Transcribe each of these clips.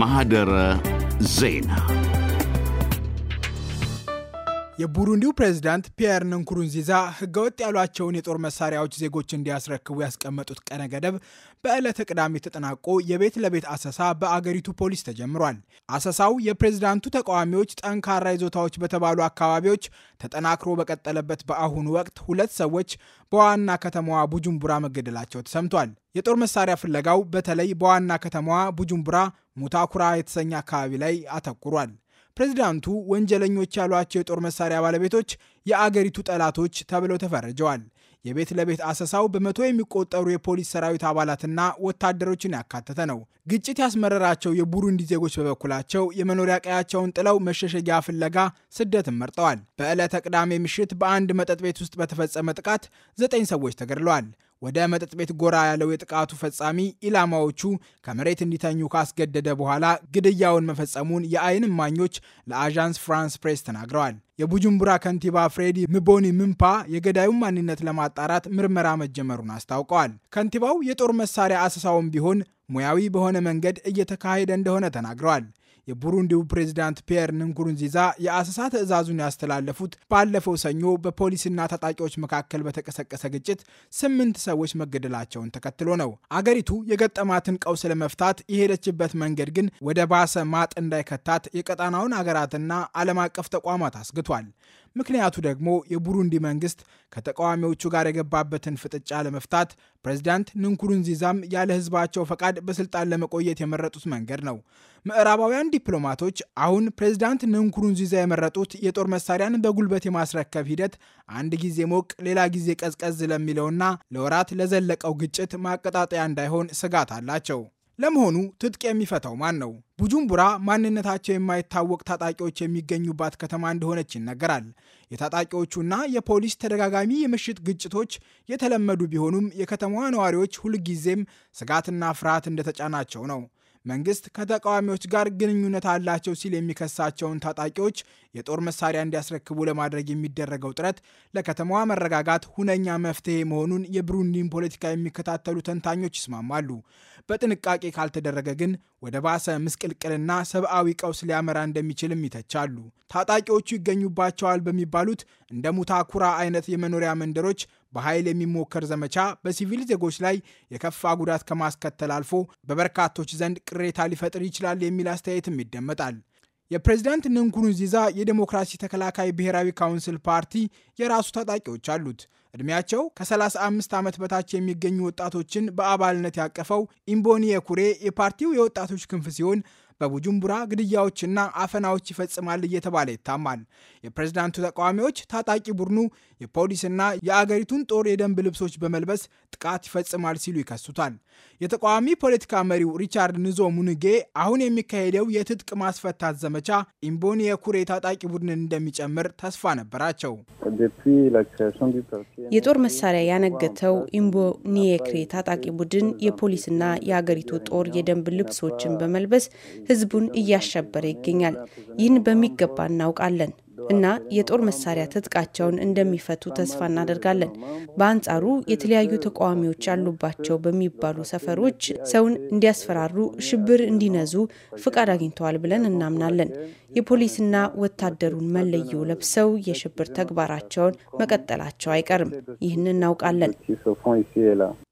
ማህደረ ዜና የቡሩንዲው ፕሬዝዳንት ፒየር ንንኩሩንዚዛ ህገወጥ ያሏቸውን የጦር መሳሪያዎች ዜጎች እንዲያስረክቡ ያስቀመጡት ቀነ ገደብ በዕለተ ቅዳሜ ተጠናቆ የቤት ለቤት አሰሳ በአገሪቱ ፖሊስ ተጀምሯል። አሰሳው የፕሬዝዳንቱ ተቃዋሚዎች ጠንካራ ይዞታዎች በተባሉ አካባቢዎች ተጠናክሮ በቀጠለበት በአሁኑ ወቅት ሁለት ሰዎች በዋና ከተማዋ ቡጁምቡራ መገደላቸው ተሰምቷል። የጦር መሳሪያ ፍለጋው በተለይ በዋና ከተማዋ ቡጁምቡራ ሙታኩራ የተሰኘ አካባቢ ላይ አተኩሯል። ፕሬዚዳንቱ ወንጀለኞች ያሏቸው የጦር መሳሪያ ባለቤቶች የአገሪቱ ጠላቶች ተብለው ተፈርጀዋል። የቤት ለቤት አሰሳው በመቶ የሚቆጠሩ የፖሊስ ሰራዊት አባላትና ወታደሮችን ያካተተ ነው። ግጭት ያስመረራቸው የቡሩንዲ ዜጎች በበኩላቸው የመኖሪያ ቀያቸውን ጥለው መሸሸጊያ ፍለጋ ስደትን መርጠዋል። በዕለተ ቅዳሜ ምሽት በአንድ መጠጥ ቤት ውስጥ በተፈጸመ ጥቃት ዘጠኝ ሰዎች ተገድለዋል። ወደ መጠጥ ቤት ጎራ ያለው የጥቃቱ ፈጻሚ ኢላማዎቹ ከመሬት እንዲተኙ ካስገደደ በኋላ ግድያውን መፈጸሙን የዓይን እማኞች ለአዣንስ ፍራንስ ፕሬስ ተናግረዋል። የቡጁምቡራ ከንቲባ ፍሬዲ ምቦኒ ምምፓ የገዳዩን ማንነት ለማጣራት ምርመራ መጀመሩን አስታውቀዋል። ከንቲባው የጦር መሳሪያ አሰሳውም ቢሆን ሙያዊ በሆነ መንገድ እየተካሄደ እንደሆነ ተናግረዋል። የቡሩንዲው ፕሬዚዳንት ፒየር ንንኩሩንዚዛ የአሰሳ ትዕዛዙን ያስተላለፉት ባለፈው ሰኞ በፖሊስና ታጣቂዎች መካከል በተቀሰቀሰ ግጭት ስምንት ሰዎች መገደላቸውን ተከትሎ ነው። አገሪቱ የገጠማትን ቀውስ ለመፍታት የሄደችበት መንገድ ግን ወደ ባሰ ማጥ እንዳይከታት የቀጣናውን አገራትና ዓለም አቀፍ ተቋማት አስግቷል። ምክንያቱ ደግሞ የቡሩንዲ መንግስት ከተቃዋሚዎቹ ጋር የገባበትን ፍጥጫ ለመፍታት ፕሬዚዳንት ንንኩሩንዚዛም ያለ ህዝባቸው ፈቃድ በስልጣን ለመቆየት የመረጡት መንገድ ነው። ምዕራባውያን ዲፕሎማቶች አሁን ፕሬዚዳንት ንንኩሩንዚዛ የመረጡት የጦር መሳሪያን በጉልበት የማስረከብ ሂደት አንድ ጊዜ ሞቅ ሌላ ጊዜ ቀዝቀዝ ለሚለውና ለወራት ለዘለቀው ግጭት ማቀጣጠያ እንዳይሆን ስጋት አላቸው። ለመሆኑ ትጥቅ የሚፈታው ማን ነው? ቡጁምቡራ ማንነታቸው የማይታወቅ ታጣቂዎች የሚገኙባት ከተማ እንደሆነች ይነገራል። የታጣቂዎቹና የፖሊስ ተደጋጋሚ የምሽት ግጭቶች የተለመዱ ቢሆኑም የከተማዋ ነዋሪዎች ሁልጊዜም ስጋትና ፍርሃት እንደተጫናቸው ነው። መንግስት ከተቃዋሚዎች ጋር ግንኙነት አላቸው ሲል የሚከሳቸውን ታጣቂዎች የጦር መሳሪያ እንዲያስረክቡ ለማድረግ የሚደረገው ጥረት ለከተማዋ መረጋጋት ሁነኛ መፍትሄ መሆኑን የብሩንዲን ፖለቲካ የሚከታተሉ ተንታኞች ይስማማሉ። በጥንቃቄ ካልተደረገ ግን ወደ ባሰ ምስቅልቅልና ሰብአዊ ቀውስ ሊያመራ እንደሚችልም ይተቻሉ። ታጣቂዎቹ ይገኙባቸዋል በሚባሉት እንደ ሙታኩራ አይነት የመኖሪያ መንደሮች በኃይል የሚሞከር ዘመቻ በሲቪል ዜጎች ላይ የከፋ ጉዳት ከማስከተል አልፎ በበርካቶች ዘንድ ቅሬታ ሊፈጥር ይችላል የሚል አስተያየትም ይደመጣል። የፕሬዚዳንት ንንኩሩንዚዛ የዴሞክራሲ ተከላካይ ብሔራዊ ካውንስል ፓርቲ የራሱ ታጣቂዎች አሉት። እድሜያቸው ከ35 ዓመት በታች የሚገኙ ወጣቶችን በአባልነት ያቀፈው ኢምቦኒ የኩሬ የፓርቲው የወጣቶች ክንፍ ሲሆን በቡጁምቡራ ግድያዎችና አፈናዎች ይፈጽማል እየተባለ ይታማል። የፕሬዝዳንቱ ተቃዋሚዎች ታጣቂ ቡድኑ የፖሊስና የአገሪቱን ጦር የደንብ ልብሶች በመልበስ ጥቃት ይፈጽማል ሲሉ ይከሱታል። የተቃዋሚ ፖለቲካ መሪው ሪቻርድ ንዞ ሙንጌ አሁን የሚካሄደው የትጥቅ ማስፈታት ዘመቻ ኢምቦኒ የኩሬ ታጣቂ ቡድንን እንደሚጨምር ተስፋ ነበራቸው። የጦር መሳሪያ ያነገተው ኢምቦኒ የኩሬ ታጣቂ ቡድን የፖሊስና የአገሪቱ ጦር የደንብ ልብሶችን በመልበስ ህዝቡን እያሸበረ ይገኛል። ይህን በሚገባ እናውቃለን። እና የጦር መሳሪያ ትጥቃቸውን እንደሚፈቱ ተስፋ እናደርጋለን። በአንጻሩ የተለያዩ ተቃዋሚዎች አሉባቸው በሚባሉ ሰፈሮች ሰውን እንዲያስፈራሩ፣ ሽብር እንዲነዙ ፍቃድ አግኝተዋል ብለን እናምናለን። የፖሊስና ወታደሩን መለዮ ለብሰው የሽብር ተግባራቸውን መቀጠላቸው አይቀርም። ይህን እናውቃለን።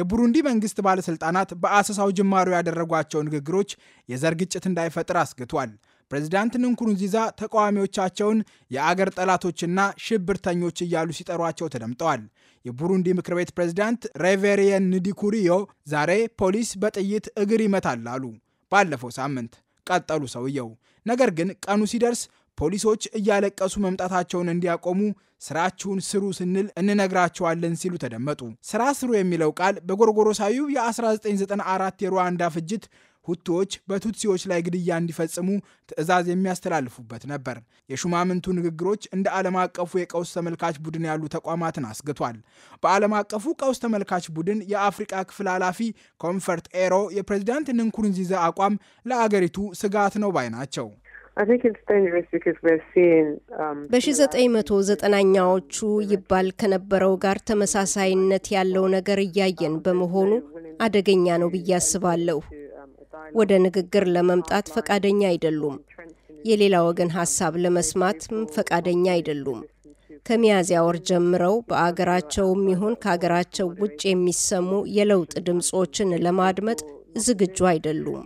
የቡሩንዲ መንግስት ባለስልጣናት በአሰሳው ጅማሮ ያደረጓቸው ንግግሮች የዘር ግጭት እንዳይፈጥር አስግቷል። ፕሬዚዳንት ዚዛ ተቃዋሚዎቻቸውን የአገር ጠላቶችና ሽብርተኞች እያሉ ሲጠሯቸው ተደምጠዋል። የቡሩንዲ ምክር ቤት ፕሬዚዳንት ሬቬሪየን ኒዲኩሪዮ ዛሬ ፖሊስ በጥይት እግር ይመታል አሉ። ባለፈው ሳምንት ቀጠሉ ሰውየው። ነገር ግን ቀኑ ሲደርስ ፖሊሶች እያለቀሱ መምጣታቸውን እንዲያቆሙ ስራችሁን ስሩ ስንል እንነግራቸዋለን ሲሉ ተደመጡ። ስራ ስሩ የሚለው ቃል በጎርጎሮሳዊው የ1994 የሩዋንዳ ፍጅት ሁቶዎች በቱትሲዎች ላይ ግድያ እንዲፈጽሙ ትዕዛዝ የሚያስተላልፉበት ነበር። የሹማምንቱ ንግግሮች እንደ ዓለም አቀፉ የቀውስ ተመልካች ቡድን ያሉ ተቋማትን አስግቷል። በዓለም አቀፉ ቀውስ ተመልካች ቡድን የአፍሪቃ ክፍል ኃላፊ ኮንፈርት ኤሮ የፕሬዚዳንት ንንኩሩንዚዛ አቋም ለአገሪቱ ስጋት ነው ባይ ናቸው። um, በ1990ዎቹ ይባል ከነበረው ጋር ተመሳሳይነት ያለው ነገር እያየን በመሆኑ አደገኛ ነው ብዬ አስባለሁ። ወደ ንግግር ለመምጣት ፈቃደኛ አይደሉም። የሌላ ወገን ሀሳብ ለመስማትም ፈቃደኛ አይደሉም። ከሚያዝያ ወር ጀምረው በአገራቸውም ይሁን ከአገራቸው ውጭ የሚሰሙ የለውጥ ድምፆችን ለማድመጥ ዝግጁ አይደሉም።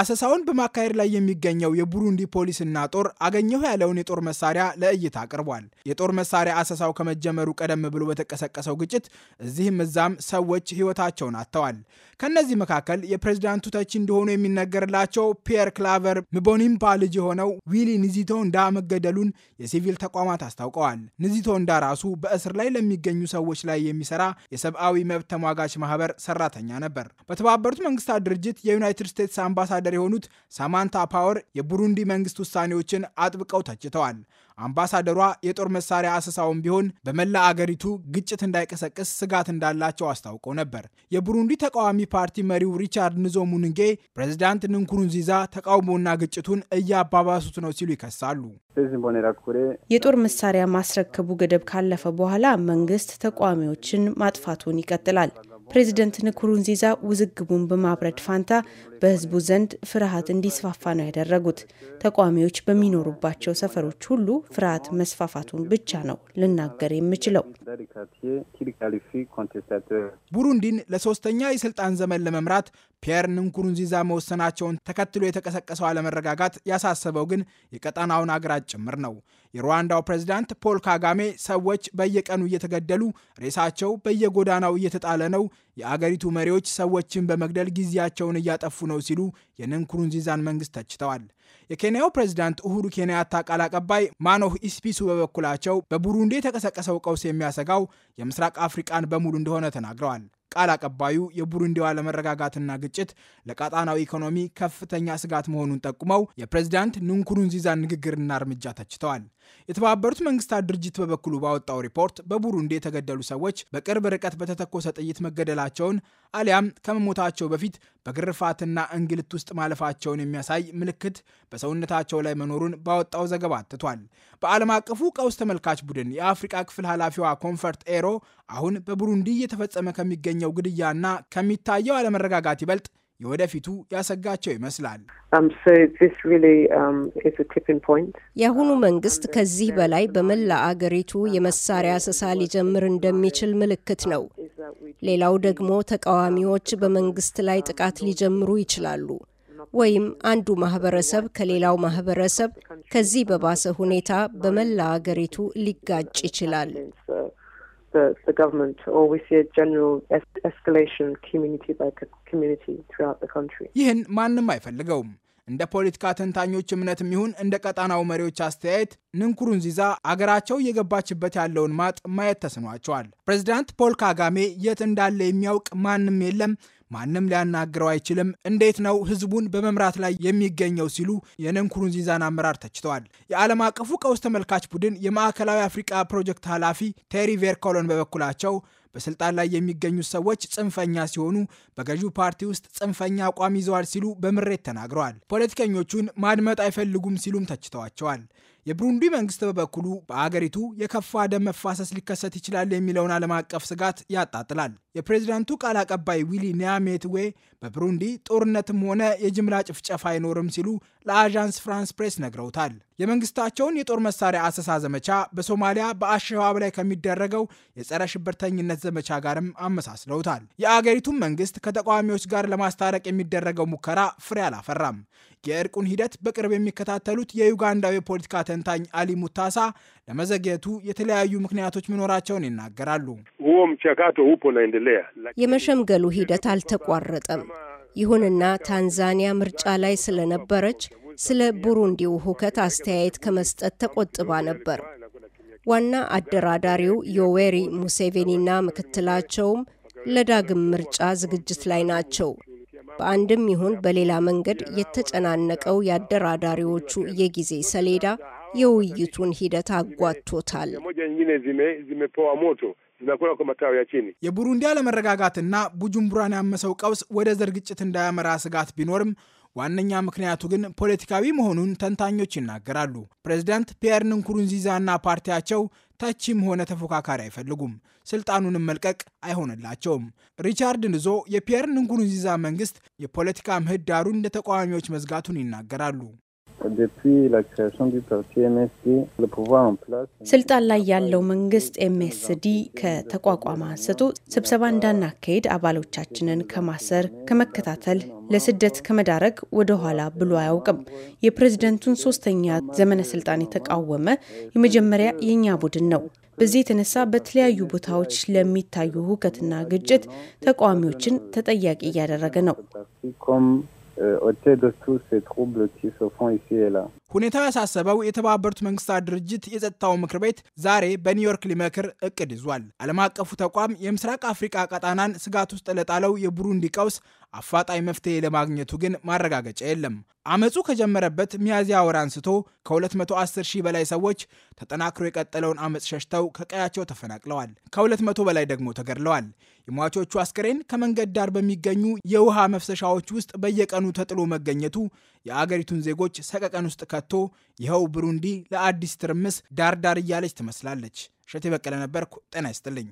አሰሳውን በማካሄድ ላይ የሚገኘው የቡሩንዲ ፖሊስና ጦር አገኘሁ ያለውን የጦር መሳሪያ ለእይታ አቅርቧል። የጦር መሳሪያ አሰሳው ከመጀመሩ ቀደም ብሎ በተቀሰቀሰው ግጭት እዚህም እዛም ሰዎች ሕይወታቸውን አጥተዋል። ከእነዚህ መካከል የፕሬዚዳንቱ ተቺ እንደሆኑ የሚነገርላቸው ፒየር ክላቨር ምቦኒምፓ ልጅ የሆነው ዊሊ ንዚቶንዳ መገደሉን የሲቪል ተቋማት አስታውቀዋል። ንዚቶንዳ ራሱ በእስር ላይ ለሚገኙ ሰዎች ላይ የሚሰራ የሰብአዊ መብት ተሟጋች ማህበር የማህበር ሰራተኛ ነበር። በተባበሩት መንግስታት ድርጅት የዩናይትድ ስቴትስ አምባሳደር የሆኑት ሳማንታ ፓወር የቡሩንዲ መንግስት ውሳኔዎችን አጥብቀው ተችተዋል። አምባሳደሯ የጦር መሳሪያ አሰሳውን ቢሆን በመላ አገሪቱ ግጭት እንዳይቀሰቅስ ስጋት እንዳላቸው አስታውቀው ነበር። የቡሩንዲ ተቃዋሚ ፓርቲ መሪው ሪቻርድ ንዞ ሙንጌ ፕሬዚዳንት ንንኩሩንዚዛ ተቃውሞና ግጭቱን እያባባሱት ነው ሲሉ ይከሳሉ። የጦር መሳሪያ ማስረከቡ ገደብ ካለፈ በኋላ መንግስት ተቃዋሚዎችን ማጥፋቱን ይቀጥላል። ፕሬዚደንት ንኩሩንዚዛ ውዝግቡን በማብረድ ፋንታ በህዝቡ ዘንድ ፍርሃት እንዲስፋፋ ነው ያደረጉት። ተቃዋሚዎች በሚኖሩባቸው ሰፈሮች ሁሉ ፍርሃት መስፋፋቱን ብቻ ነው ልናገር የምችለው። ቡሩንዲን ለሶስተኛ የስልጣን ዘመን ለመምራት ፒየር ንኩሩንዚዛ መወሰናቸውን ተከትሎ የተቀሰቀሰው አለመረጋጋት ያሳሰበው ግን የቀጠናውን አገራት ጭምር ነው። የሩዋንዳው ፕሬዝዳንት ፖል ካጋሜ ሰዎች በየቀኑ እየተገደሉ ሬሳቸው በየጎዳናው እየተጣለ ነው፣ የአገሪቱ መሪዎች ሰዎችን በመግደል ጊዜያቸውን እያጠፉ ነው ሲሉ የንንኩሩንዚዛን መንግስት ተችተዋል። የኬንያው ፕሬዝዳንት ኡሁሩ ኬንያታ ቃል አቀባይ ማኖህ ኢስፒሱ በበኩላቸው በቡሩንዲ የተቀሰቀሰው ቀውስ የሚያሰጋው የምስራቅ አፍሪቃን በሙሉ እንደሆነ ተናግረዋል። ቃል አቀባዩ የቡሩንዲዋ ለመረጋጋትና ግጭት ለቀጣናዊ ኢኮኖሚ ከፍተኛ ስጋት መሆኑን ጠቁመው የፕሬዝዳንት ንንኩሩንዚዛን ንግግርና እርምጃ ተችተዋል። የተባበሩት መንግስታት ድርጅት በበኩሉ ባወጣው ሪፖርት በቡሩንዲ የተገደሉ ሰዎች በቅርብ ርቀት በተተኮሰ ጥይት መገደላቸው መሞታቸውን አሊያም ከመሞታቸው በፊት በግርፋትና እንግልት ውስጥ ማለፋቸውን የሚያሳይ ምልክት በሰውነታቸው ላይ መኖሩን ባወጣው ዘገባ አትቷል። በዓለም አቀፉ ቀውስ ተመልካች ቡድን የአፍሪቃ ክፍል ኃላፊዋ ኮንፈርት ኤሮ አሁን በቡሩንዲ እየተፈጸመ ከሚገኘው ግድያና ከሚታየው አለመረጋጋት ይበልጥ የወደፊቱ ያሰጋቸው ይመስላል። um, um, የአሁኑ መንግስት ከዚህ በላይ በመላ አገሪቱ የመሳሪያ አሰሳ ሊጀምር እንደሚችል ምልክት ነው። ሌላው ደግሞ ተቃዋሚዎች በመንግስት ላይ ጥቃት ሊጀምሩ ይችላሉ ወይም አንዱ ማህበረሰብ ከሌላው ማህበረሰብ ከዚህ በባሰ ሁኔታ በመላ አገሪቱ ሊጋጭ ይችላል። ይህን ማንም አይፈልገውም። እንደ ፖለቲካ ተንታኞች እምነትም ይሁን እንደ ቀጣናው መሪዎች አስተያየት ንንኩሩንዚዛ አገራቸው እየገባችበት ያለውን ማጥ ማየት ተስኗቸዋል። ፕሬዚዳንት ፖል ካጋሜ የት እንዳለ የሚያውቅ ማንም የለም ማንም ሊያናግረው አይችልም። እንዴት ነው ህዝቡን በመምራት ላይ የሚገኘው ሲሉ የንንኩሩንዚዛን አመራር ተችተዋል። የዓለም አቀፉ ቀውስ ተመልካች ቡድን የማዕከላዊ አፍሪቃ ፕሮጀክት ኃላፊ ቴሪ ቬርኮሎን በበኩላቸው በስልጣን ላይ የሚገኙት ሰዎች ጽንፈኛ ሲሆኑ በገዢው ፓርቲ ውስጥ ጽንፈኛ አቋም ይዘዋል ሲሉ በምሬት ተናግረዋል። ፖለቲከኞቹን ማድመጥ አይፈልጉም ሲሉም ተችተዋቸዋል። የብሩንዲ መንግስት በበኩሉ በአገሪቱ የከፋ ደም መፋሰስ ሊከሰት ይችላል የሚለውን ዓለም አቀፍ ስጋት ያጣጥላል። የፕሬዚዳንቱ ቃል አቀባይ ዊሊ ኒያሜትዌ በብሩንዲ ጦርነትም ሆነ የጅምላ ጭፍጨፋ አይኖርም ሲሉ ለአዣንስ ፍራንስ ፕሬስ ነግረውታል። የመንግስታቸውን የጦር መሳሪያ አሰሳ ዘመቻ በሶማሊያ በአሸባብ ላይ ከሚደረገው የጸረ ሽብርተኝነት ዘመቻ ጋርም አመሳስለውታል። የአገሪቱን መንግስት ከተቃዋሚዎች ጋር ለማስታረቅ የሚደረገው ሙከራ ፍሬ አላፈራም። የእርቁን ሂደት በቅርብ የሚከታተሉት የዩጋንዳው የፖለቲካ ተንታኝ አሊ ሙታሳ ለመዘግየቱ የተለያዩ ምክንያቶች መኖራቸውን ይናገራሉ። የመሸምገሉ ሂደት አልተቋረጠም። ይሁንና ታንዛኒያ ምርጫ ላይ ስለነበረች ስለ ቡሩንዲው ሁከት አስተያየት ከመስጠት ተቆጥባ ነበር። ዋና አደራዳሪው ዮዌሪ ሙሴቬኒና ምክትላቸውም ለዳግም ምርጫ ዝግጅት ላይ ናቸው። በአንድም ይሁን በሌላ መንገድ የተጨናነቀው የአደራዳሪዎቹ የጊዜ ሰሌዳ የውይይቱን ሂደት አጓቶታል። የቡሩንዲ አለመረጋጋትና ቡጁምቡራን ያመሰው ቀውስ ወደ ዘር ግጭት እንዳያመራ ስጋት ቢኖርም ዋነኛ ምክንያቱ ግን ፖለቲካዊ መሆኑን ተንታኞች ይናገራሉ። ፕሬዚዳንት ፒየር ንኩሩንዚዛና ፓርቲያቸው ተቺም ሆነ ተፎካካሪ አይፈልጉም። ስልጣኑንም መልቀቅ አይሆንላቸውም። ሪቻርድ ንዞ የፒየር ንኩሩንዚዛ መንግስት የፖለቲካ ምህዳሩን ለተቃዋሚዎች መዝጋቱን ይናገራሉ። ስልጣን ላይ ያለው መንግስት ኤምኤስዲ ከተቋቋመ አንስቶ ስብሰባ እንዳናካሄድ አባሎቻችንን ከማሰር ከመከታተል፣ ለስደት ከመዳረግ ወደ ኋላ ብሎ አያውቅም። የፕሬዝደንቱን ሶስተኛ ዘመነ ስልጣን የተቃወመ የመጀመሪያ የእኛ ቡድን ነው። በዚህ የተነሳ በተለያዩ ቦታዎች ለሚታዩ ሁከትና ግጭት ተቃዋሚዎችን ተጠያቂ እያደረገ ነው። euh, au-dessus de tous ces troubles qui se font ici et là. ሁኔታው ያሳሰበው የተባበሩት መንግስታት ድርጅት የጸጥታው ምክር ቤት ዛሬ በኒውዮርክ ሊመክር እቅድ ይዟል። ዓለም አቀፉ ተቋም የምስራቅ አፍሪቃ ቀጣናን ስጋት ውስጥ ለጣለው የቡሩንዲ ቀውስ አፋጣኝ መፍትሄ ለማግኘቱ ግን ማረጋገጫ የለም። አመፁ ከጀመረበት ሚያዚያ ወር አንስቶ ከ210 ሺህ በላይ ሰዎች ተጠናክሮ የቀጠለውን አመፅ ሸሽተው ከቀያቸው ተፈናቅለዋል። ከ200 በላይ ደግሞ ተገድለዋል። የሟቾቹ አስከሬን ከመንገድ ዳር በሚገኙ የውሃ መፍሰሻዎች ውስጥ በየቀኑ ተጥሎ መገኘቱ የአገሪቱን ዜጎች ሰቀቀን ውስጥ ከቶ ይኸው ብሩንዲ ለአዲስ ትርምስ ዳርዳር እያለች ትመስላለች። እሸቴ በቀለ ነበርኩ። ጤና ይስጥልኝ።